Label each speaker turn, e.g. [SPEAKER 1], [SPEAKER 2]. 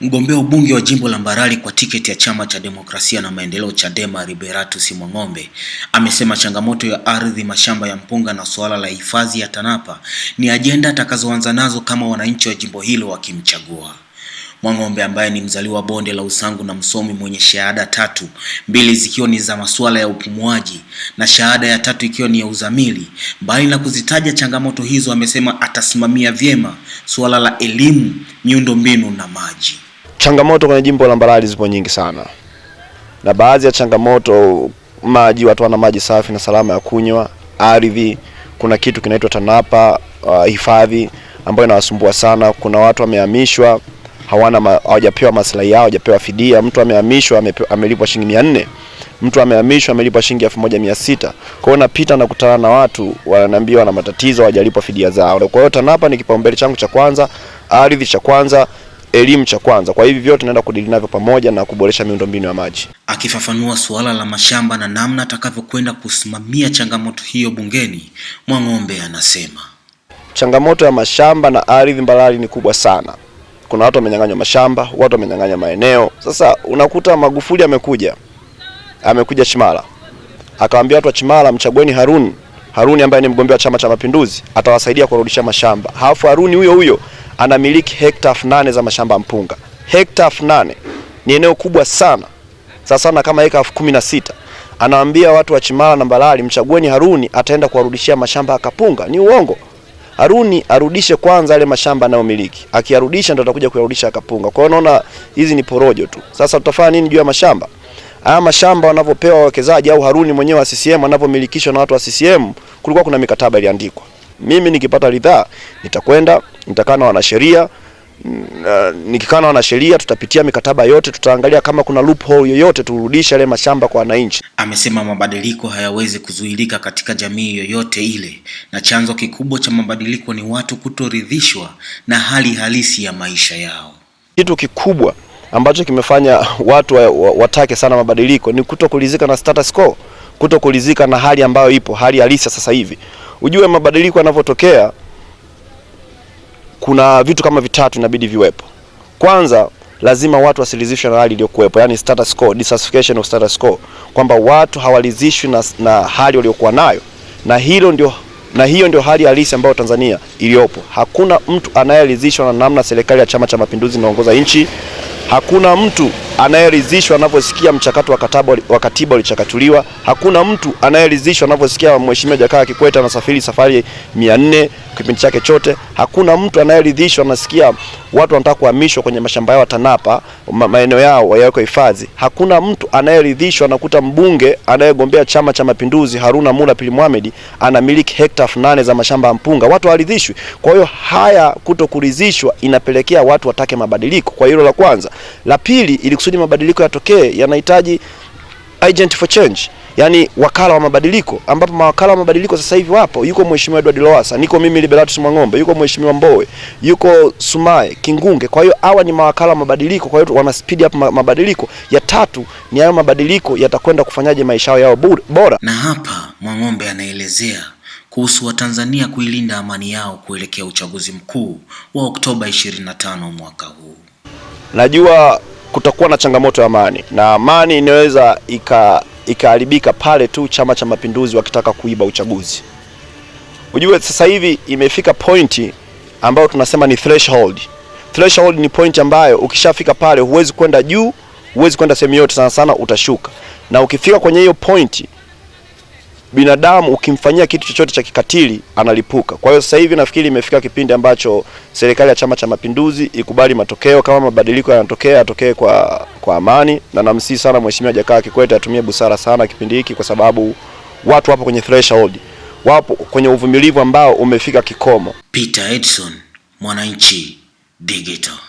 [SPEAKER 1] Mgombea ubunge wa jimbo la Mbarali kwa tiketi ya chama cha demokrasia na maendeleo Chadema, Liberatus Mwang'ombe amesema changamoto ya ardhi, mashamba ya mpunga na suala la hifadhi ya Tanapa ni ajenda atakazoanza nazo kama wananchi wa jimbo hilo wakimchagua. Mwang'ombe ambaye ni mzaliwa bonde la Usangu na msomi mwenye shahada tatu, mbili zikiwa ni za masuala ya upumuaji na shahada ya tatu ikiwa ni ya uzamili. Mbali na kuzitaja changamoto hizo, amesema atasimamia vyema suala la elimu, miundombinu na maji
[SPEAKER 2] changamoto kwenye jimbo la Mbarali zipo nyingi sana, na baadhi ya changamoto maji, watu wana maji safi na salama ya kunywa, ardhi, kuna kitu kinaitwa TANAPA uh, hifadhi uh, ambayo inawasumbua sana. Kuna watu wamehamishwa hawana ma, hawajapewa maslahi yao, hawajapewa fidia. Mtu amehamishwa amelipwa shilingi 400, mtu amehamishwa amelipwa shilingi 1600. Kwa hiyo napita na kutana na watu wananiambia wana matatizo, hawajalipwa fidia zao. Kwa hiyo TANAPA ni kipaumbele changu cha kwanza, ardhi cha kwanza, elimu cha kwanza. Kwa hivi vyote naenda kudili navyo pamoja na kuboresha miundombinu ya maji.
[SPEAKER 1] Akifafanua suala la mashamba na namna atakavyokwenda kusimamia changamoto hiyo bungeni, Mwang'ombe anasema
[SPEAKER 2] changamoto ya mashamba na ardhi Mbalali ni kubwa sana. Kuna watu wamenyang'anywa mashamba, watu wamenyang'anywa maeneo. Sasa unakuta Magufuli amekuja amekuja Chimala akawaambia watu wa Chimala, mchagueni Haruni Haruni ambaye ni mgombea wa Chama cha Mapinduzi atawasaidia kurudisha mashamba. Halafu Haruni huyo huyo anamiliki hekta elfu nane za mashamba mpunga. Hekta elfu nane ni eneo kubwa sana, sasa sana kama heka elfu kumi na sita. anaambia watu wa Chimala na Mbalali, mchagueni Haruni, ataenda kuwarudishia mashamba ya kapunga. Ni uongo. Haruni arudishe kwanza yale mashamba anayomiliki, akiyarudisha ndo atakuja kuyarudisha akapunga. Kwa hiyo unaona hizi ni porojo tu. Sasa tutafanya nini juu ya mashamba haya? Mashamba wanavyopewa wawekezaji au Haruni mwenyewe wa CCM anavyomilishwa na watu wa CCM, kulikuwa kuna mikataba iliandikwa mimi nikipata ridhaa nitakwenda, nitakaa na wanasheria mm, eh, nikikaa na wanasheria tutapitia mikataba yote, tutaangalia kama kuna loophole yoyote turudishe yale mashamba kwa wananchi.
[SPEAKER 1] Amesema mabadiliko hayawezi kuzuilika katika jamii yoyote ile, na chanzo kikubwa cha mabadiliko ni watu kutoridhishwa na hali halisi ya maisha yao.
[SPEAKER 2] Kitu kikubwa ambacho kimefanya watu watake sana mabadiliko ni kutokuridhika na status quo kuto kulizika na hali ambayo ipo, hali halisi sasa hivi. Ujue mabadiliko yanavyotokea, kuna vitu kama vitatu inabidi viwepo. Kwanza lazima watu wasilizishwe na hali iliyokuwepo, yani status quo, dissatisfaction of status quo, kwamba watu hawalizishwi na, na hali waliokuwa nayo, na hilo ndio na hiyo ndio hali halisi ambayo Tanzania iliyopo. Hakuna mtu anayeridhishwa na namna serikali ya Chama cha Mapinduzi inaongoza nchi. Hakuna mtu anayeridhishwa anaposikia mchakato wa katiba wa katiba ulichakatuliwa. Hakuna mtu anayeridhishwa anaposikia Mheshimiwa Jakaya Kikwete anasafiri safari mia nne kipindi chake chote. Hakuna mtu anayeridhishwa anasikia watu wanataka kuhamishwa kwenye mashamba yao TANAPA, maeneo yao yaweko hifadhi. Hakuna mtu anayeridhishwa anakuta mbunge anayegombea Chama cha Mapinduzi Haruna Mula Pili Mohamed anamiliki hekta nane za mashamba ya mpunga. Watu hawaridhishwi. Kwa hiyo haya kutokuridhishwa inapelekea watu watake mabadiliko. Kwa hilo la kwanza. La pili ili kusudi mabadiliko yatokee, yanahitaji agent for change, yani wakala wa mabadiliko, ambapo mawakala wa mabadiliko sasa hivi wapo. Yuko mheshimiwa Edward Lowasa, niko mimi Liberatus Mwang'ombe, yuko mheshimiwa Mbowe, yuko Sumaye Kingunge. Kwa hiyo hawa ni mawakala wa mabadiliko, kwa hiyo wana speed up mabadiliko. Ya tatu ni hayo mabadiliko yatakwenda kufanyaje maisha yao bora.
[SPEAKER 1] Na hapa Mwang'ombe anaelezea kuhusu Watanzania kuilinda amani yao kuelekea uchaguzi mkuu wa Oktoba 25 mwaka huu.
[SPEAKER 2] Najua kutakuwa na changamoto ya amani, na amani inaweza ikaharibika pale tu Chama cha Mapinduzi wakitaka kuiba uchaguzi. Ujue sasa hivi imefika pointi ambayo tunasema ni threshold. Threshold ni pointi ambayo ukishafika pale huwezi kwenda juu, huwezi kwenda sehemu yote, sana sana utashuka, na ukifika kwenye hiyo pointi binadamu ukimfanyia kitu chochote cha kikatili analipuka. Kwa hiyo sasa hivi nafikiri imefika kipindi ambacho serikali ya Chama cha Mapinduzi ikubali matokeo. Kama mabadiliko yanatokea atokee kwa, kwa amani, na namsihi sana Mheshimiwa Jakaya Kikwete atumie busara sana kipindi hiki, kwa sababu watu wapo kwenye threshold, wapo kwenye uvumilivu ambao umefika kikomo.
[SPEAKER 1] Peter Edson, Mwananchi Digital.